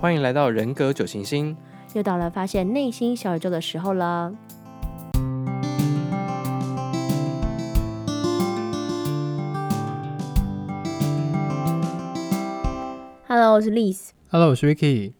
歡迎來到人格九行星，又到了發現內心小宇宙的時候了。Hello，我是 Liz。Hello，我是 Vicky。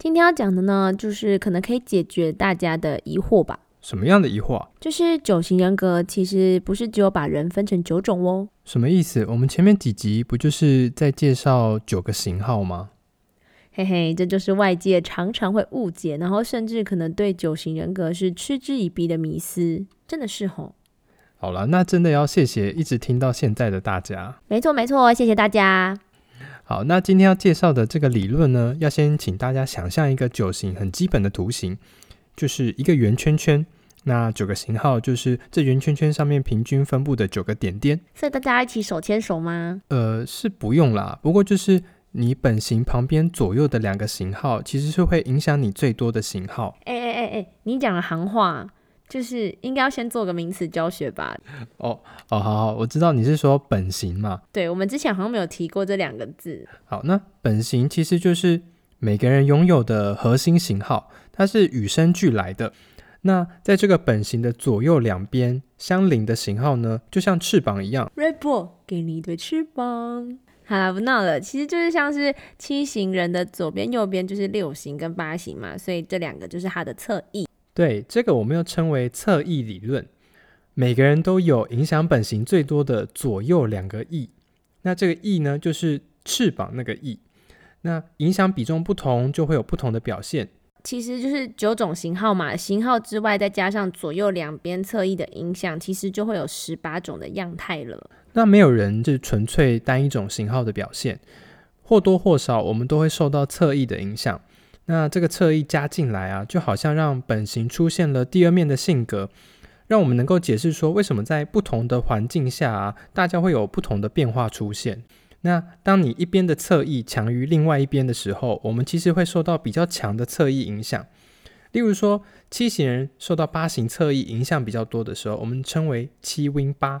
今天要講的呢，就是可能可以解決大家的疑惑吧。什麼樣的疑惑啊？就是九型人格其實不是只有把人分成九種哦。什麼意思？我們前面幾集不就是在介紹九個型號嗎？嘿嘿，這就是外界常常會誤解，然後甚至可能對九型人格是嗤之以鼻的迷思，真的是吼、哦。好了，那真的要謝謝一直聽到現在的大家。沒錯沒錯，謝謝大家。好，那今天要介紹的這個理論呢，要先請大家想象一個九型很基本的圖形，就是一個圓圈圈，那九個型號就是這圓圈圈上面平均分布的九個點點。所以大家一起手牽手嗎？呃，是不用啦，不過就是。你本型旁邊左右的兩個型號，其實是會影響你最多的型號。哎哎哎哎，你講的行話，就是應該要先做個名詞教學吧？哦哦，哦好好，我知道你是說本型嘛。對，我們之前好像沒有提過這兩個字。好，那本型其實就是每個人擁有的核心型號，它是與生俱來的。那在這個本型的左右兩邊相鄰的型號呢，就像翅膀一樣。Red Bull 給你一對翅膀。好了，不鬧了。其實就是像是七型人的左邊、右邊就是六型跟八型嘛，所以這兩個就是它的側翼。對，這個我們又稱為側翼理論。每個人都有影響本型最多的左右兩個翼，那這個翼呢，就是翅膀那個翼。那影響比重不同，就會有不同的表現。其實就是九種型號嘛，型號之外再加上左右兩邊側翼的影響，其實就會有十八種的樣態了。那沒有人就純粹單一種型號的表現，或多或少我們都會受到側翼的影響。那這個側翼加進來啊，就好像讓本型出現了第二面的性格，讓我們能夠解釋說為什麼在不同的環境下啊，大家會有不同的變化出現。那當你一邊的側翼強於另外一邊的時候，我們其實會受到比較強的側翼影響。例如說，七型人受到八型側翼影響比較多的時候，我們稱為七 win 八。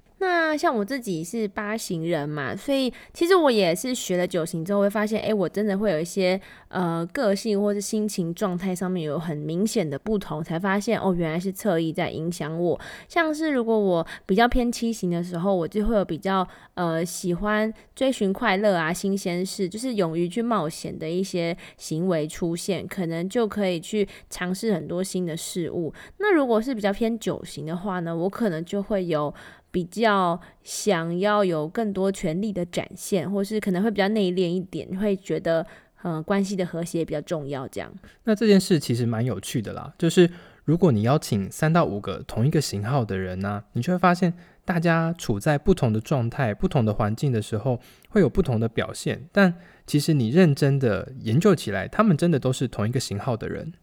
那像我自己是八型人嘛，所以其實我也是學了九型之後，會發現，哎，我真的會有一些呃個性或是心情狀態上面有很明顯的不同，才發現哦，原來是側翼在影響我。像是如果我比較偏七型的時候，我就會有比較呃喜歡追尋快樂啊、新鮮事，就是勇於去冒險的一些行為出現，可能就可以去嘗試很多新的事物。那如果是比較偏九型的話呢，我可能就會有。比較想要有更多權力的展現，或是可能會比較內斂一點，會覺得，嗯、呃，關係的和諧比較重要。這樣，那這件事其實蠻有趣的啦，就是如果你邀請三到五個同一個型號的人呢、啊，你就會發現，大家處在不同的狀態、不同的環境的時候，會有不同的表現。但其實你認真的研究起來，他們真的都是同一個型號的人。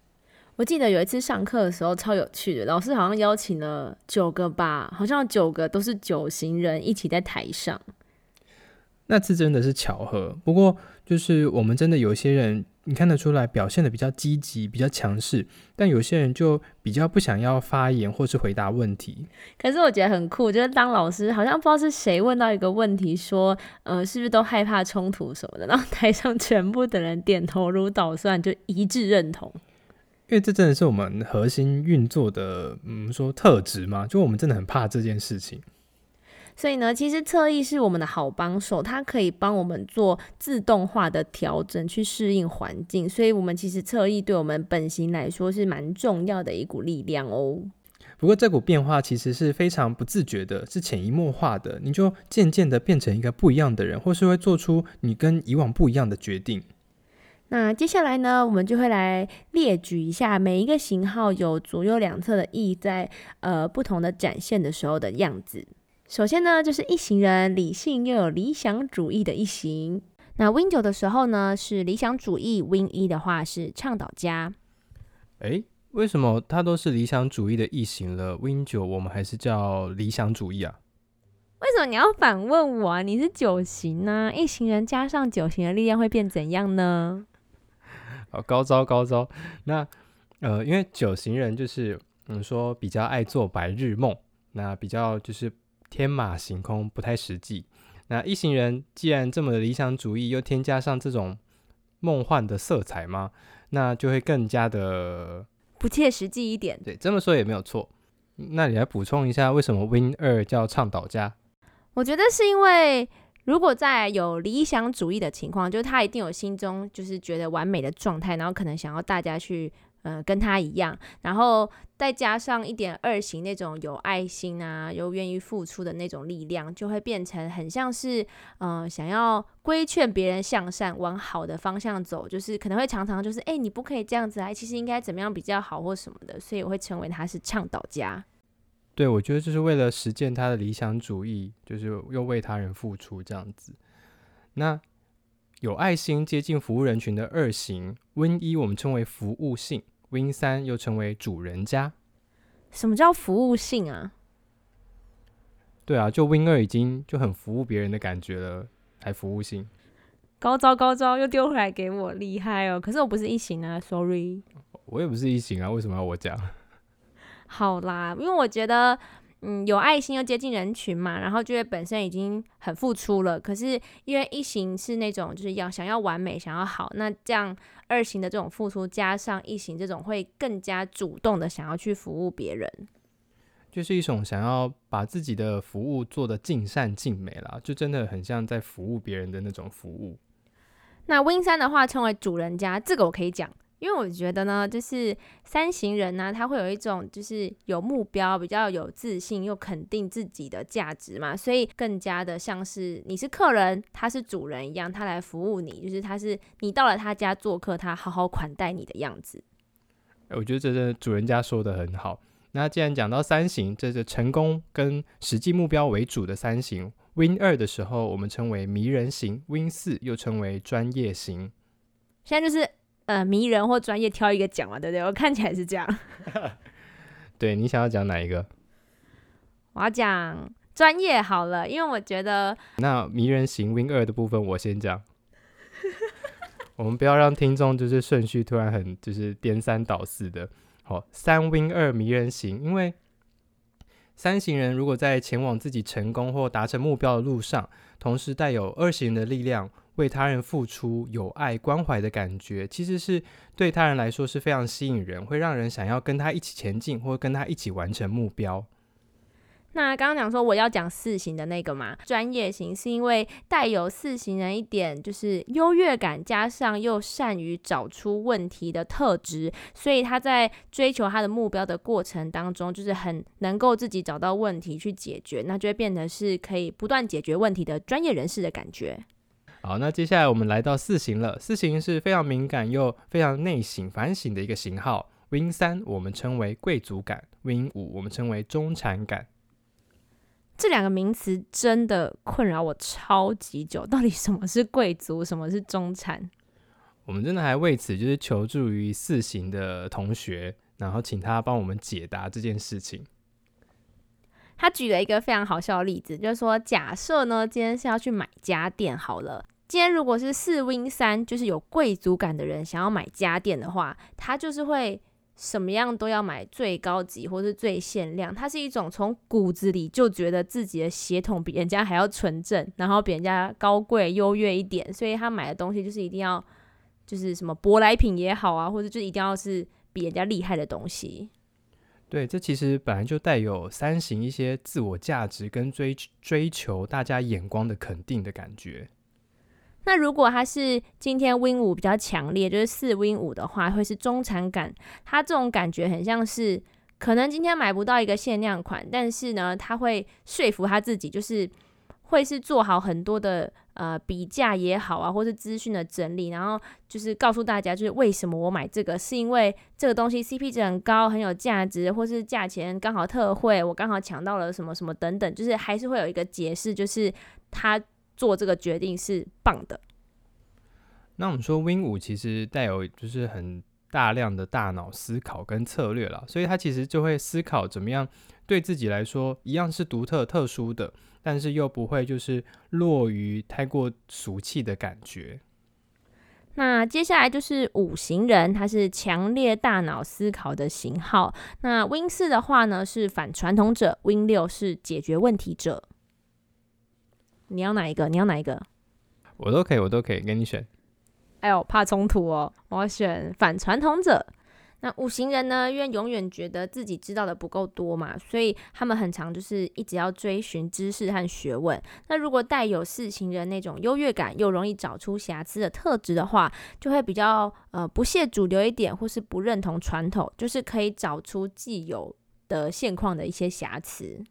我記得有一次上課的時候，超有趣的。老師好像邀請了九個吧，好像九個都是九型人一起在台上。那次真的是巧合。不過就是我們真的有些人，你看得出來表現得比較積極、比較強勢，但有些人就比較不想要發言或是回答問題。可是我覺得很酷，就是當老師好像不知道是誰問到一個問題，說“呃，是不是都害怕衝突什麼的？”然後台上全部的人點頭如搗蒜，就一致認同。因為這真的是我們核心運作的，嗯，說特質嘛，就我們真的很怕這件事情。所以呢，其實側翼是我們的好幫手，它可以幫我們做自動化的調整，去適應環境。所以，我們其實側翼對我們本型來說是蠻重要的一股力量哦。不過，這股變化其實是非常不自覺的，是潛移默化的，你就漸漸的變成一個不一樣的人，或是會做出你跟以往不一樣的決定。那接下來呢，我們就會來列舉一下每一個型號有左右兩側的翼在呃不同的展現的時候的樣子。首先呢，就是一型人理性又有理想主義的一型。那 Win 九的時候呢，是理想主義；Win 一的話是倡導家。哎、欸，為什麼他都是理想主義的一型了？Win 九我們還是叫理想主義啊？為什麼你要反問我啊？你是九型呢？啊？一型人加上九型的力量會變怎樣呢？高招高招，那呃，因為九型人就是嗯說比較愛做白日夢，那比較就是天馬行空，不太實際。那一型人既然這麼的理想主義，又添加上這種夢幻的色彩嘛，那就會更加的不切實際一點。對，這麼說也沒有錯。那你來補充一下，為什麼 Wing 二叫倡導家？我覺得是因為。如果在有理想主義的情況，就是他一定有心中就是覺得完美的狀態，然後可能想要大家去，嗯、呃、跟他一樣，然後再加上一點二型那種有愛心啊，又願意付出的那種力量，就會變成很像是，嗯、呃、想要規勸別人向善，往好的方向走，就是可能會常常就是，哎、欸，你不可以這樣子啊，其實應該怎麼樣比較好或什麼的，所以我會稱為他是倡導家。對，我覺得就是為了實踐他的理想主義，就是又為他人付出這樣子。那有愛心、接近服務人群的二型 Win 一，我們稱為服務性，Win 三又稱為主人家。什麼叫服務性啊？對啊，就 Win 二已經就很服務別人的感覺了，還服務性？高招高招，又丟回來給我，厲害哦！可是我不是一型啊，Sorry。我也不是一型啊，為什麼要我講？好啦，因為我覺得，嗯，有愛心又接近人群嘛，然後就會本身已經很付出了，可是因為一型是那種就是要想要完美、想要好，那這樣二型的這種付出，加上一型這種會更加主動的想要去服務別人，就是一種想要把自己的服務做得盡善盡美啦，就真的很像在服務別人的那種服務。那 Wing 3的話，稱為主人家，這個我可以講。因為我覺得呢，就是三型人呢、啊，他會有一種就是有目標、比較有自信又肯定自己的價值嘛，所以更加的像是你是客人，他是主人一樣，他來服務你，就是他是你到了他家做客，他好好款待你的樣子。我覺得這個主人家說的很好。那既然講到三型，這是成功跟實際目標為主的三型，Win 二的時候我們稱為迷人型，Win 四又稱為專業型。現在就是。呃，迷人或專業挑一個講嘛，對不對？我看起來是這樣。 對，你想要講哪一個？我要講專業好了，因為我覺得那迷人型 Wing 二的部分我先講。 我們不要讓聽眾就是順序突然很就是顛三倒四的。好，三 Wing 二迷人型，因為三型人如果在前往自己成功或達成目標的路上，同時帶有二型的力量，為他人付出、有愛關懷的感覺，其實是對他人來說是非常吸引人，會讓人想要跟他一起前進，或跟他一起完成目標。那剛剛講說我要講四型的那個嘛，專業型是因為帶有四型人一點就是優越感，加上又善於找出問題的特質，所以他在追求他的目標的過程當中，就是很能夠自己找到問題去解決，那就會變成是可以不斷解決問題的專業人士的感覺。好，那接下來我們來到四型了。四型是非常敏感又非常內省、反省的一個型號。Wing 三我們稱為貴族感，Wing 五我們稱為中產感。這兩個名詞真的困擾我超級久，到底什麼是貴族，什麼是中產？我們真的還為此就是求助於四型的同學，然後請他幫我們解答這件事情。他舉了一個非常好笑的例子，就是說假，假設呢今天是要去買家電，好了。今天如果是四翼三，就是有貴族感的人想要買家電的話，他就是會什麼樣都要買最高級或是最限量。他是一種從骨子裡就覺得自己的血統比人家還要純正，然後比人家高貴優越一點，所以他買的東西就是一定要就是什麼舶來品也好啊，或者就一定要是比人家厲害的東西。對，這其實本來就帶有三型一些自我價值跟追追求大家眼光的肯定的感覺。那如果他是今天 Wing5 比較強烈，就是四 Wing5 的話，會是中產感。他這種感覺很像是，可能今天買不到一個限量款，但是呢，他會說服他自己，就是會是做好很多的呃比價也好啊，或是資訊的整理，然後就是告訴大家，就是為什麼我買這個，是因為這個東西 CP 值很高，很有價值，或是價錢剛好特惠，我剛好搶到了什麼什麼等等，就是還是會有一個解釋，就是他。做這個決定是棒的。那我們說 Wing 五其實帶有就是很大量的大腦思考跟策略了，所以他其實就會思考怎麼樣對自己來說一樣是獨特特殊的，但是又不會就是落於太過俗氣的感覺。那接下來就是五行人，他是強烈大腦思考的型號。那 Wing 四的話呢是反傳統者，Wing 六是解決問題者。你要哪一個？你要哪一個？我都可以，我都可以給你選。哎呦，怕衝突哦，我要選反傳統者。那五行人呢？因為永遠覺得自己知道的不夠多嘛，所以他們很常就是一直要追尋知識和學問。那如果帶有四行人那種優越感，又容易找出瑕疵的特質的話，就會比較呃不屑主流一點，或是不認同傳統，就是可以找出既有的現況的一些瑕疵。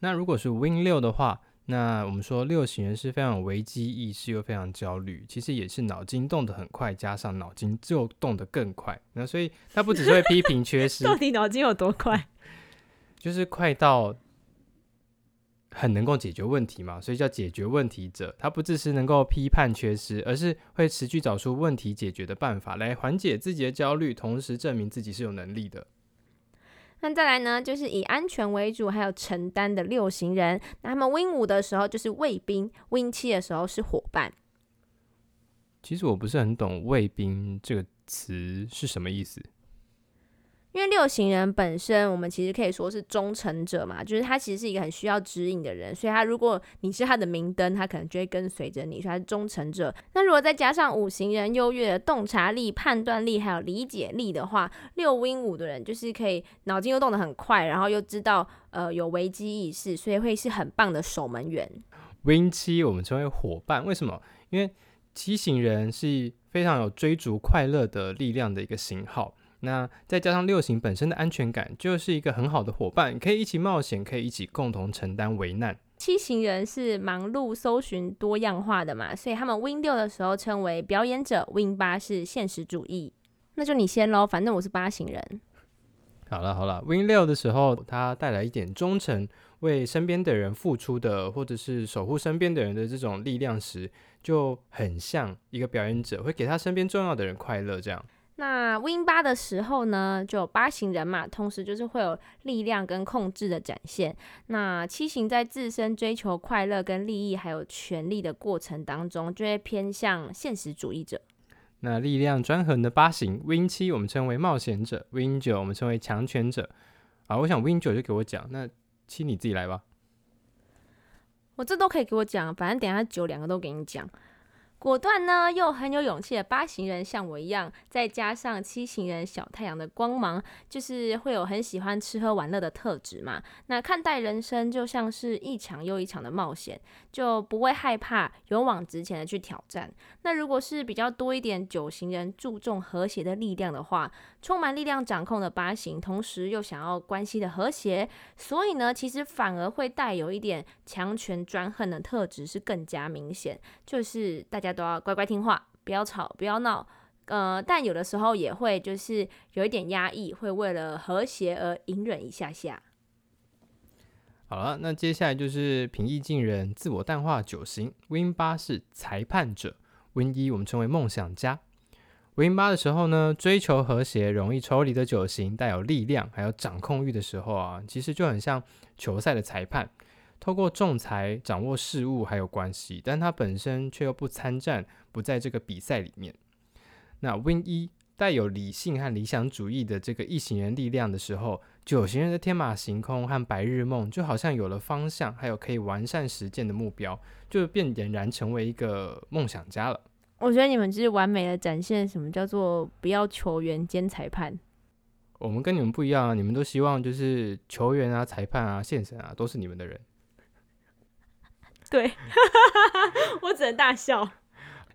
那如果是 Wing 六的話。那我們說，六型人是非常有危機意識，又非常焦慮。其實也是腦筋動得很快，加上腦筋就動得更快。那所以，他不只是會批評缺失， 到底腦筋有多快？就是快到很能夠解決問題嘛，所以叫解決問題者。他不只是能夠批判缺失，而是會持續找出問題解決的辦法，來緩解自己的焦慮，同時證明自己是有能力的。那再來呢，就是以安全為主，還有承擔的六型人。那他們 Wing 五的時候就是衛兵，Wing 七的時候是夥伴。其實我不是很懂“衛兵”這個詞是什麼意思？因為六型人本身，我們其實可以說是忠誠者嘛，就是他其實是一個很需要指引的人，所以他如果你是他的明燈，他可能就會跟隨着你，所以他是忠誠者。那如果再加上五型人優越的洞察力、判斷力還有理解力的話，六 Wing 五,五的人就是可以腦筋又動得很快，然後又知道呃有危機意識，所以會是很棒的守門員。Wing 七我們稱為伙伴，為什麼？因為七型人是非常有追逐快樂的力量的一個型號。那再加上六型本身的安全感，就是一個很好的夥伴，可以一起冒險，可以一起共同承擔危難。七型人是忙碌、搜尋、多樣化的嘛，所以他們 Wing 六的時候稱為表演者，Wing 八是現實主義。那就你先嘍，反正我是八型人。好了好了，Wing 六的時候，他帶來一點忠誠，為身邊的人付出的，或者是守護身邊的人的這種力量時，就很像一個表演者，會給他身邊重要的人快樂這樣。那 Win 八的時候呢，就有八型人馬，同時就是會有力量跟控制的展現。那七型在自身追求快樂、跟利益還有權力的過程當中，就會偏向現實主義者。那力量專橫的八型，Win 七我們稱為冒險者，Win 九我們稱為強權者。好，我想 Win 九就給我講，那七你自己來吧。我這都可以給我講，反正等下九兩個都給你講。果斷呢又很有勇氣的八型人，像我一樣，再加上七型人小太陽的光芒，就是會有很喜歡吃喝玩樂的特質嘛。那看待人生就像是一場又一場的冒險，就不會害怕勇往直前的去挑戰。那如果是比較多一點九型人注重和諧的力量的話，充滿力量掌控的八型，同時又想要關係的和諧，所以呢，其實反而會帶有一點強權專橫的特質是更加明顯，就是大家都知道，都要乖乖聽話，不要吵，不要鬧。呃，但有的時候也會就是有一點壓抑，會為了和諧而隱忍一下下。好了，那接下來就是平易近人、自我淡化九型。Win 八是裁判者，Win 一我們稱為夢想家。Win 八的時候呢，追求和諧、容易抽離的九型，帶有力量還有掌控慾的時候啊，其實就很像球賽的裁判。透過仲裁掌握事物，還有關係，但他本身卻又不參戰，不在這個比賽裡面。那 Wing 一帶有理性和理想主義的這個一型人力量的時候，九型人的天馬行空和白日夢就好像有了方向，還有可以完善實踐的目標，就變儼然成為一個夢想家了。我覺得你們其實完美的展現什麼叫做不要球員兼裁判。我們跟你們不一樣啊！你們都希望就是球員啊、裁判啊、線審啊，都是你們的人。對， 我只能大笑。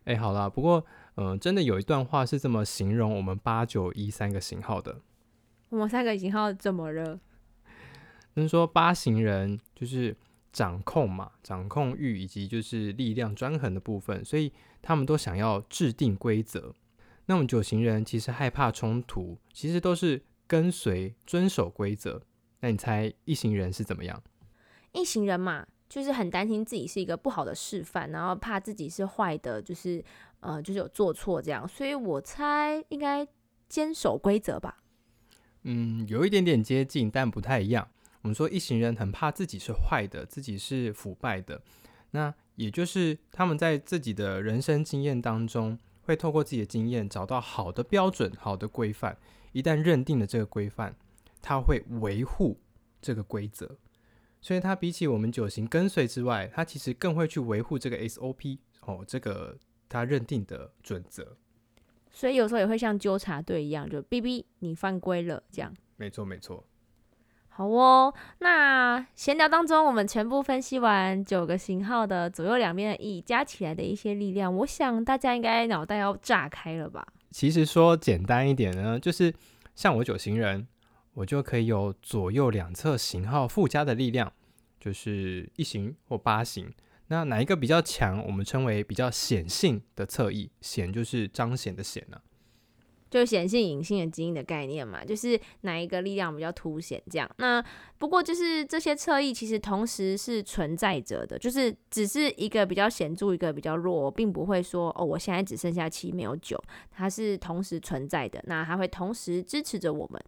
哎、欸，好啦。不過，嗯、呃，真的有一段話是這麼形容我們八九一三個型號的。我們三個型號怎麼了？就是說，八型人就是掌控嘛，掌控欲以及就是力量專橫的部分，所以他們都想要制定規則。那我們九型人其實害怕衝突，其實都是跟隨遵守規則。那你猜一型人是怎麼樣？一型人嘛。就是很擔心自己是一個不好的示範，然後怕自己是壞的，就是呃，就是有做錯這樣，所以我猜應該堅守規則吧？嗯，有一點點接近，但不太一樣。我們說一號人很怕自己是壞的，自己是腐敗的，那也就是他們在自己的人生經驗當中，會透過自己的經驗找到好的標準、好的規範。一旦認定了這個規範，他會維護這個規則。所以他比起我們九型跟隨之外，他其實更會去維護這個 SOP 哦，這個他認定的準則。所以有時候也會像糾察隊一樣，就“嗶嗶，你犯規了”這樣。沒錯、嗯，沒錯。好哦，那閒聊當中，我們全部分析完九個型號的左右兩邊的 E 加起來的一些力量，我想大家應該腦袋要炸開了吧？其實說簡單一點呢，就是像我九型人。我就可以有左右兩側型號附加的力量，就是一型或八型。那哪一個比較強？我們稱為比較顯性的側翼，顯就是彰顯的顯呢、啊？就顯性隱性的基因的概念嘛，就是哪一個力量比較凸顯？這樣。那不過就是這些側翼其實同時是存在着的，就是只是一個比較顯著，一個比較弱，並不會說哦，我現在只剩下七沒有九，它是同時存在的。那它會同時支持着我們。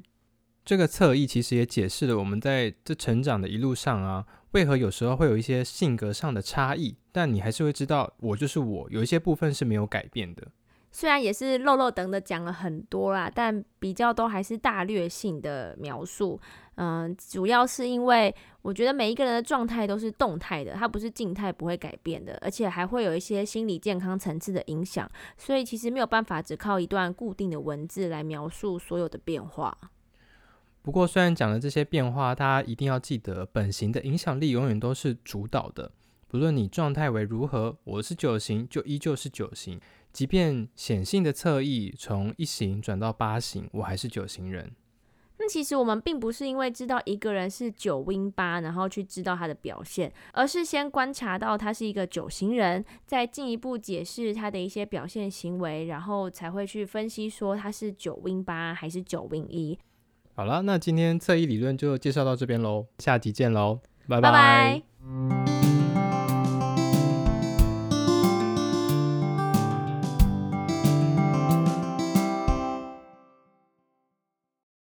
這個側翼其實也解釋了我們在這成長的一路上啊，為何有時候會有一些性格上的差異，但你還是會知道我就是我，有一些部分是沒有改變的。雖然也是落落長的講了很多啦，但比較都還是大略性的描述。嗯，主要是因為我覺得每一個人的狀態都是動態的，它不是靜態不會改變的，而且還會有一些心理健康層次的影響，所以其實沒有辦法只靠一段固定的文字來描述所有的變化。不過，雖然講了這些變化，大家一定要記得，本型的影響力永遠都是主導的。不論你狀態為如何，我是九型就依舊是九型。即便顯性的側翼從一型轉到八型，我還是九型人。那其實我們並不是因為知道一個人是九 wing 八，然後去知道他的表現，而是先觀察到他是一個九型人，再進一步解釋他的一些表現行為，然後才會去分析說他是九 wing 八還是九 wing 一。好了，那今天側翼理論就介紹到這邊嘍，下集見嘍，拜拜。拜拜。